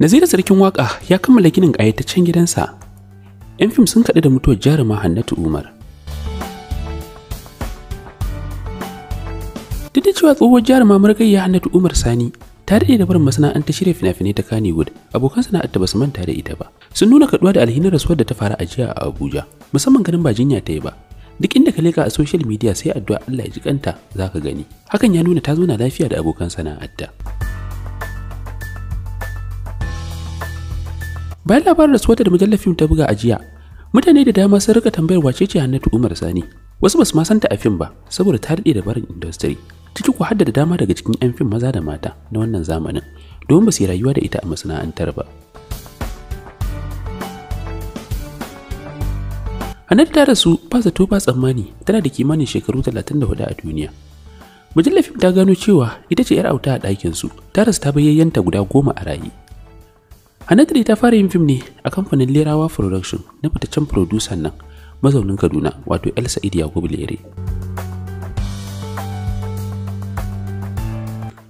Nazira sarkin waka ya kammala ginin ƙayataccen gidansa. 'Yan fim sun kaɗu da mutuwar jaruma Hannatu Umar. Duk da cewa tsohuwar jaruma Murgayya Hannatu Umar Sani ta daɗe da barin masana'anta shirya fina-finai ta Kannywood, abokan sana'arta ba su manta da ita ba. Sun nuna kaɗuwa da alhinin rasuwar da ta faru a jiya a Abuja, musamman ganin ba jinya ta yi ba, duk inda ka leƙa a social media sai addu'a Allah ya ji kanta za ka gani hakan ya nuna ta zauna lafiya da abokan sana'arta bayan labarin rasuwata da mujallar fim ta buga a jiya mutane da dama sun rika tambayar wace ce hannatu umar sani wasu basu ma santa a fim ba saboda ta daɗe da barin industry ciki ku haddada dama daga cikin 'yan fim maza da mata na wannan zamanin domin ba su yi rayuwa da ita a masana'antar ba hannatu ta rasu ba zato ba tsammani tana da kimanin shekaru 34 a duniya mujallar fim ta gano cewa ita ce 'yar auta a su ta rasu ta ta guda goma a raye Anatri ta fara yin fim ne a kamfanin Lerawa Production na fitaccen producer nan mazaunin Kaduna wato El Sa'id Yakubu Lere.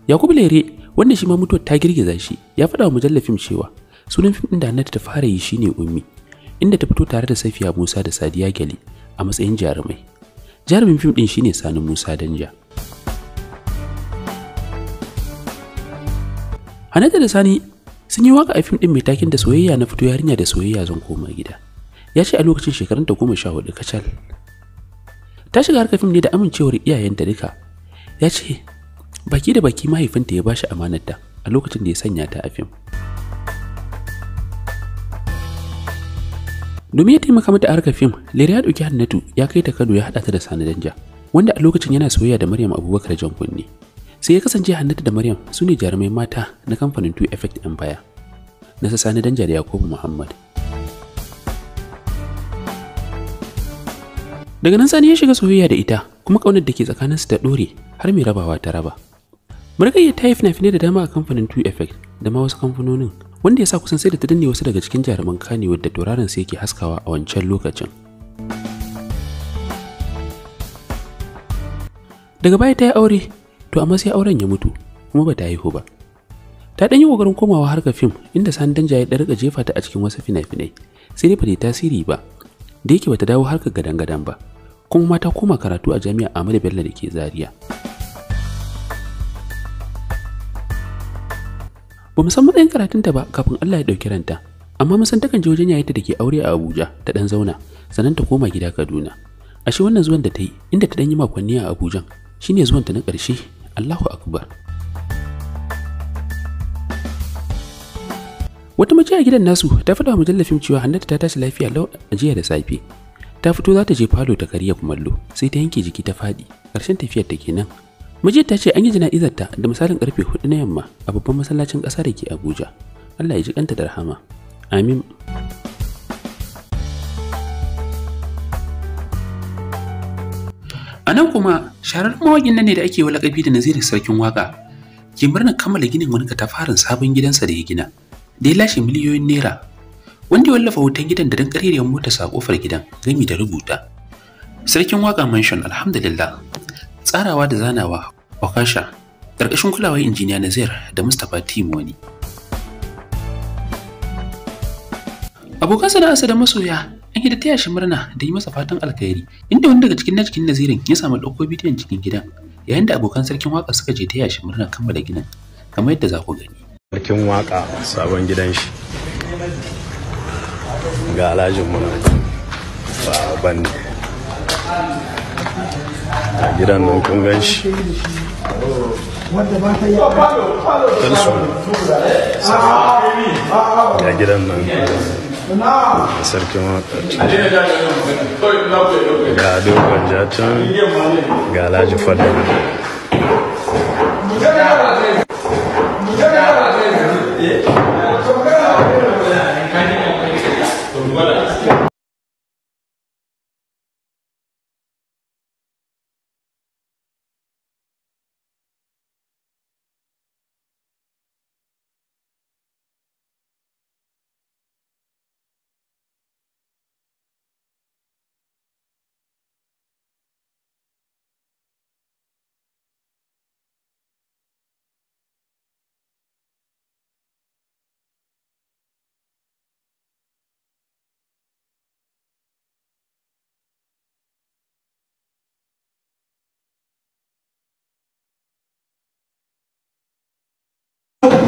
Yakubu Lere wanda shi ma mutuwar ta girgiza shi ya faɗa wa mujallar fim cewa sunan fim ɗin da Anatri ta fara yi shine Ummi inda ta fito tare da Safiya Musa da Sadiya Gali a matsayin jarumai. Jarumin fim ɗin shine Sani Musa Danja. Hanata da Sani sun yi waka a fim din mai takin da soyayya na fito yarinya da soyayya zan koma gida ya ce a lokacin shekarun ta goma sha hudu kacal ta shiga harka fim ne da amincewar iyayenta duka ya ce baki da baki mahaifinta ya bashi amanarta a lokacin da ya sanya ta a fim domin ya taimaka mata a harkar fim Lera ya ɗauki hannatu ya kai ta kano ya haɗa ta da sani danja wanda a lokacin yana soyayya da maryam abubakar jan kunne sai ya kasance hannatu da maryam su ne jarumai mata na kamfanin two effect empire na sassani danja da yakubu muhammad daga nan sani ya shiga soyayya da ita kuma ƙaunar da ke tsakaninsu ta ɗore har mai rabawa ta raba murgayyar ta yi fina-finai da dama a kamfanin two effect da ma wasu kamfanonin wanda ya sa kusan sai da ta danne wasu daga cikin jaruman kanewar da tauraron sai ke haskawa a wancan lokacin daga baya ta yi aure to amma sai auren ya mutu kuma ba ta haihu ba ta ɗan yi ƙoƙarin komawa harkar fim inda sani danja ya rika jefa ta a cikin wasu fina-finai sai dai ba tasiri ba da yake bata dawo harkar gadan-gadan ba kuma mata koma karatu a jami'a Ahmadu Bello da ke Zaria. Ba mu san matsayin ta ba kafin Allah ya ɗauki ranta, amma mun san takan je wajen yayinta da ke aure a Abuja ta dan zauna sannan ta koma gida Kaduna. Ashe wannan zuwan da ta yi inda ta ɗan yi makonni a Abuja shine zuwan ta na karshe Allahu Akbar. Wata mace a gidan nasu ta faɗawa wa cewa Hannatu ta tashi lafiya lau a jiya da safe. Ta fito za ta je falo ta karya kumallo sai ta yanke jiki ta faɗi ƙarshen tafiyar ta kenan. Mijiyar ta ce an yi jana'izar ta da misalin karfe hudu na yamma a babban masallacin ƙasa da ke Abuja. Allah ya ji kanta da rahama. Amin. A nan kuma shahararren mawaƙin nan ne da ake wa lakabi da sarkin waka. Ke murnar kammala ginin wani katafaren sabon gidansa da ya gina, da ya lashe miliyoyin naira. Wanda ya wallafa hoton gidan da dan mota motarsa a ƙofar gidan gami da rubuta. Sarkin waka mansion alhamdulillah. Tsarawa da zanawa Okasha ƙarƙashin kulawar injiniya Nazir da Mustapha Timoni. Abokan sana'arsa da masoya an hita taya shi murna da yi masa fatan alkhairi inda wani daga cikin na cikin nazirin ya samu ɗauko bidiyon cikin gidan yayin da abokan sarkin waka suka je taya shi murna kammala ginin kamar yadda za ku gani sarkin waka sabon gidan shi ga alhajin muna ba ban a gidan nan kun gan shi ga gidan nan da sarkin wakaci ga dogon jatun ga alhaji fadar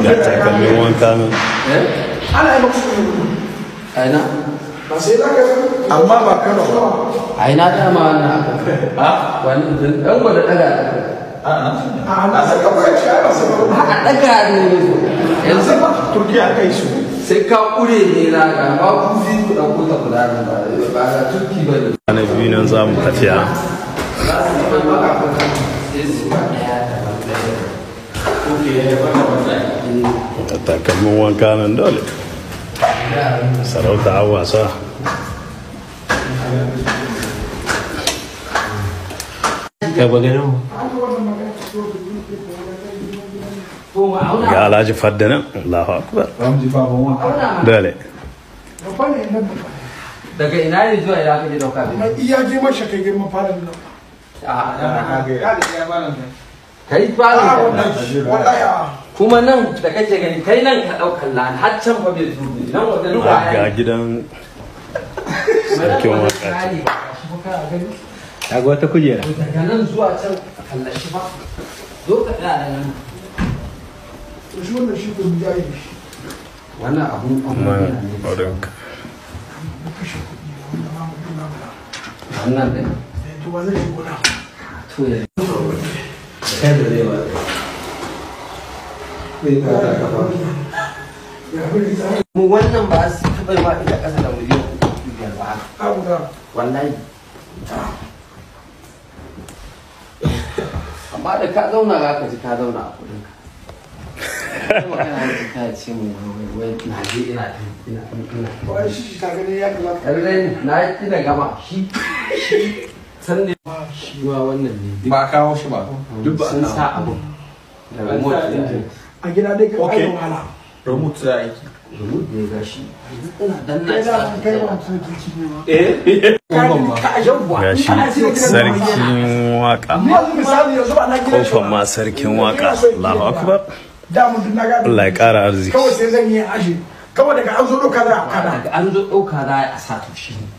ga takalmin wanka nan ana yi aina ba sai amma ba kano aina dama wannan a Ah? dan gwada daga a Ah? sai ka bai ciya ba sai ba daga ne yanzu ba turkiya kai su sai ka kure ne na ga ba ku ji ku da turki ba ne ana biyu nan za mu tafiya ka تاكم وان كان دول سرو دعوة صح يا علاج فدنا الله أكبر دولي daga ina ne zuwa ina kake dauka iya je mashaka girman falon nan a ya ga ya ga ya ga kai ah, wallahi ah. kuma nan da kake gani kai nan ka daukar lan har can fa bai zuwa nan wanda ah, duka ya gidan sarkin wata ta gwata kujera daga nan zuwa can kallashi ba zo ka da nan shi wannan shi ko ya wannan abu amma wannan ne wannan da eh, to wannan shi ko na to ya சேர்ந்து தெய்வார் mu wannan ba su taɓa ma ita ƙasa da miliyan uku biyar ba wallahi amma da ka zauna za ka ji ka zauna a kudin ka ta ce mu wai na je ina ina ina ina shi ina gani ya kamata. ina ina ina ina ina ina ina ina can ne shi ma wannan ne ba kawo shi ba duk ba sun sa a gida dai ka kai wahala remote za a yi remote ne ga shi eh? sarkin waka kofan sarkin waka akbar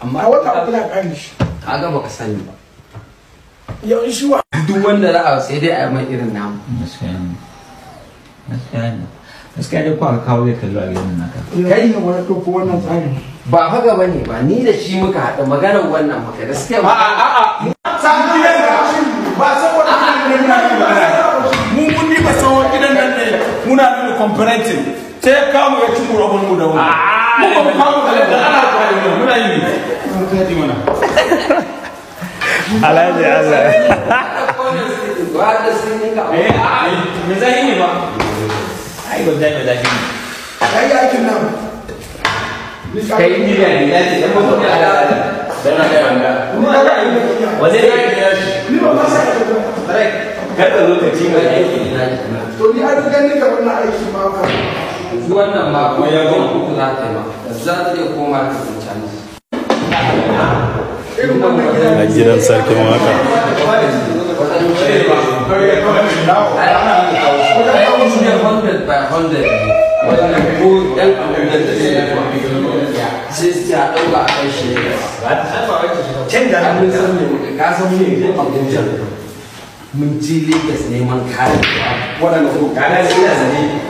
Allah kaga baka sani ba yau shi wa duk wanda za a sai dai a yi mai irin namu gaskiya dai kuwa kawo zai kallo a gidan naka kai ne wani ɗauko wannan tsarin ba haka ba ne ba ni da shi muka haɗa maganar wannan maka gaskiya ba a a a sami gidan da ba saboda gidan da mu mun ni ba saboda gidan nan ne muna nuna comparative sai ya kawo ya ci mu rabon mu da wani mu ba kai aikin na kuma yi ka ka kada lokaci mai aiki ne to ni a ganin ka wannan aiki ma ka duk wannan ma ko ya ga ku za ta yi ma za ta iya koma ta bincani a gidan sarkin waka Sister ɗauka a kai shi ne. Can da hannun san yi abin jan. neman kare. Waɗanda kuma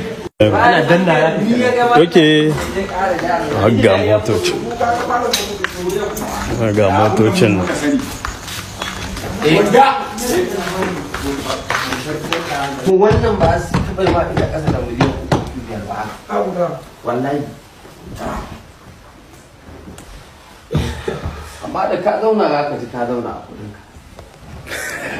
ana danna ya ok motocin ga motocin wannan ba su taɓa ma ita ƙasa da miliyan uku biyar ba wallahi amma da ka zauna za ka zauna a kuɗinka.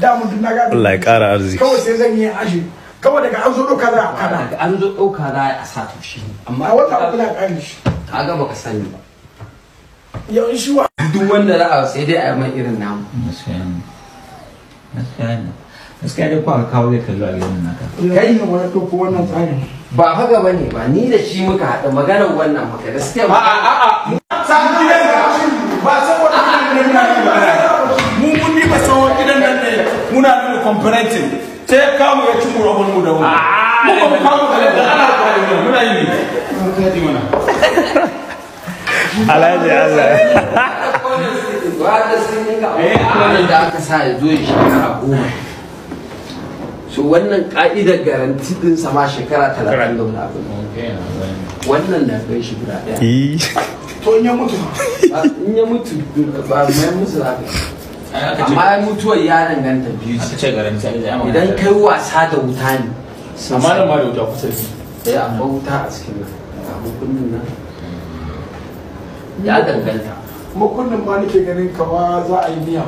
da mun tun Allah ya arziki kawai sai zan yi kawai daga an zo ɗauka za a kada an zo ɗauka za a sa shi amma a wata uku na ƙari shi kaga baka sani ba yau shi wa duk wanda za a sai dai a yi mai irin namu gaskiya ne gaskiya ne gaskiya dai kwa kawo zai kallo a gidan naka kai ne wani wannan tsarin ba haka bane ba ni da shi muka haɗa maganar wannan maka gaskiya ba a a a muna nuna comparative sai ya kamu ya ci murabun mu da wani da ana kwari muna yi mana alhaji Allah sun yi da aka sa ya zo ya shekara goma so wannan ka'idar garanti din sama shekara talatin da wani abu wannan na kai shi guda to in ya mutu in ya mutu ba mai musu haka amma mutuwar ya danganta biyu ce idan kai wasa da wuta ne amma da ma da wuta kusa ne. biyu ya amma wuta a cikin hukunin nan ya danganta kuma kullum ma nake ganin kama za a yi miya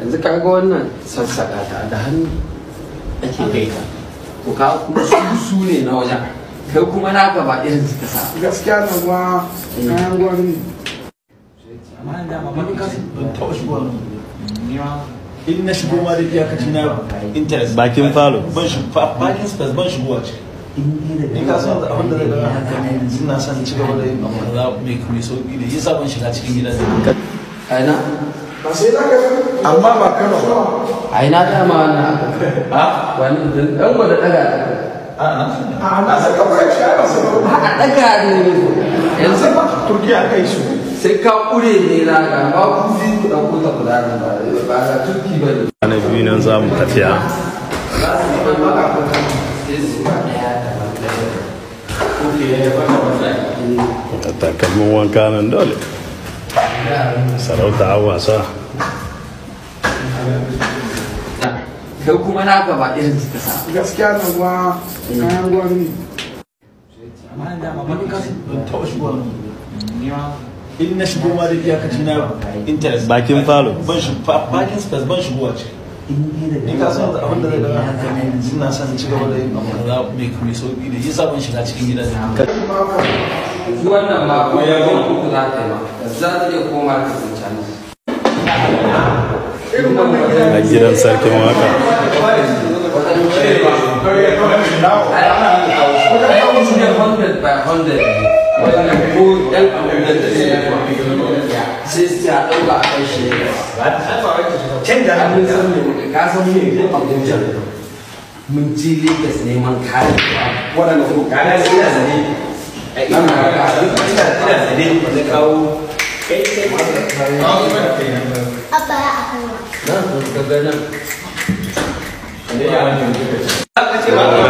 yanzu kaga ga wannan sassaƙa ta da hannu ake kai ta ko ka kuma su ne na wajen kai kuma na gaba irin ta sa gaskiya na ma kayan gwarin in na shigo ma da na interest bakin falo ban bakin space ban shigo in ka san abin da ina ci gaba da yin amma za mai kuma yasa ban shiga cikin gidan da aina ba sai amma ba ba aina ta ma wannan a dan gwada daga a a na saka ba shi ba a daga ne yanzu ba turkiya kai sai ka kure ne na ga ba ku zi ku ɗauko ta kula da ba ba ga ba ne. Ana biyu nan za mu tafiya. Za su yi ban maka kuma sai su ba ɗaya da ba ɗaya. Kuke ya yi baka wata. Takalmin wanka nan dole. Sarauta a wasa. Kai kuma na gaba irin suka sa. Gaskiya na ruwa kayan Amma da shi in na shigo ma da iyakaci na interest bakin falo ban shi bakin space ban a ciki ka san abin da zai suna ci gaba da yin abu da mai sauki da yasa ban shiga cikin da wannan ma ko ya ban ku za ta ma za ta iya koma a gidan sarkin waka by 100. wannan ko ɗan abin da sai su ta ɗauka a kai shi ne can da abin san ne ka san ne ko abin jan mun je Lagos neman kare waɗanda kuma kare ne ina zane ina ina ina zane da kawo kai kai ma da kare abba ya akan na ka ga nan ne ya ne ka ce ba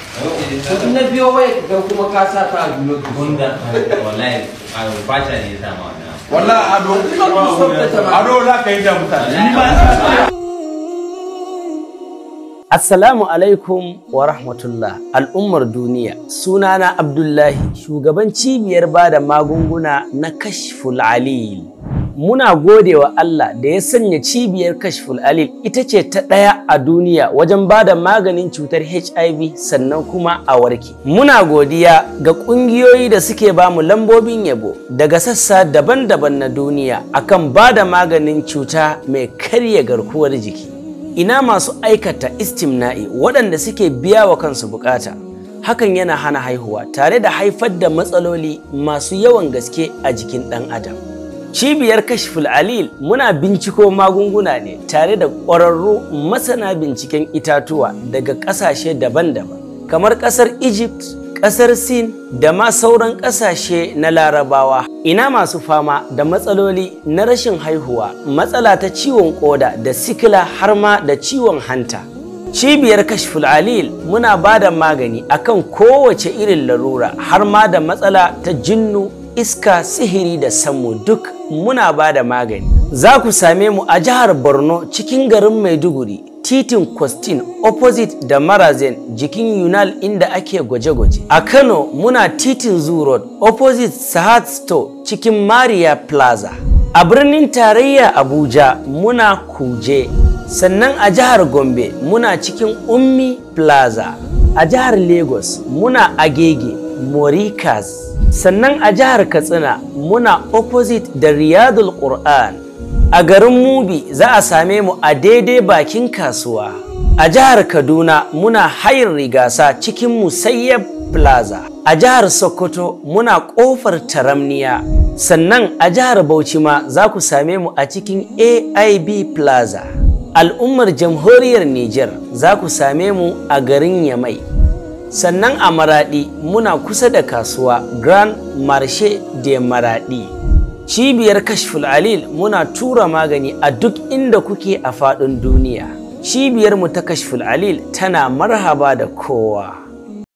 in na biyo wai ga kuma ka sa ta a da. gunda wallahi fata ne ya sa ma wannan wallahi ado ado za ka yi da mutane Assalamu alaikum wa rahmatullah al'ummar duniya sunana Abdullahi shugaban cibiyar bada magunguna na kashful alil muna gode wa Allah da ya sanya cibiyar kashful alil ita ce ta ɗaya a duniya wajen ba da maganin cutar HIV sannan kuma a warki. Muna godiya ga ƙungiyoyi da suke ba mu lambobin yabo daga sassa daban-daban na duniya akan ba da maganin cuta mai karya garkuwar jiki. Ina masu aikata istimna'i waɗanda suke biya wa kansu bukata. hakan yana hana haihuwa tare da haifar da matsaloli masu yawan gaske a jikin ɗan adam. Cibiyar Kashful Alil muna binciko magunguna ne tare da ƙwararru masana binciken itatuwa daga ƙasashe daban-daban, kamar ƙasar Egypt, ƙasar Sin da ma sauran ƙasashe na Larabawa. Ina masu fama da matsaloli na rashin haihuwa, matsala ta ciwon ƙoda da sikila har ma da ciwon hanta. Cibiyar Kashful Alil muna ba da magani akan kowace irin larura har ma da matsala ta jinnu, iska, sihiri da sammu duk muna ba da magani. Za ku same mu a jihar Borno cikin garin Maiduguri, titin Kwastin opposite da Marazen jikin Yunal inda ake gwaje-gwaje. A Kano muna titin Zoo Road opposite Sahat Store cikin Maria Plaza. A birnin tarayya Abuja muna Kuje. Sannan a jihar Gombe muna cikin Ummi Plaza. A jihar Lagos muna Agege Morikas. sannan a jihar katsina muna opposite da riyadul qur'an a garin mubi za a same mu a daidai bakin kasuwa a jihar kaduna muna hayin rigasa cikin musayyab plaza a jihar sokoto muna kofar taramniya sannan a jihar bauchi ma za ku same mu a cikin aib plaza al'ummar jamhuriyar Nijar za ku same mu a garin yamai sannan a maraɗi muna kusa da kasuwa grand marche de maraɗi cibiyar kashful alil muna tura magani a duk inda kuke a faɗin duniya cibiyarmu ta kashful alil tana marhaba da kowa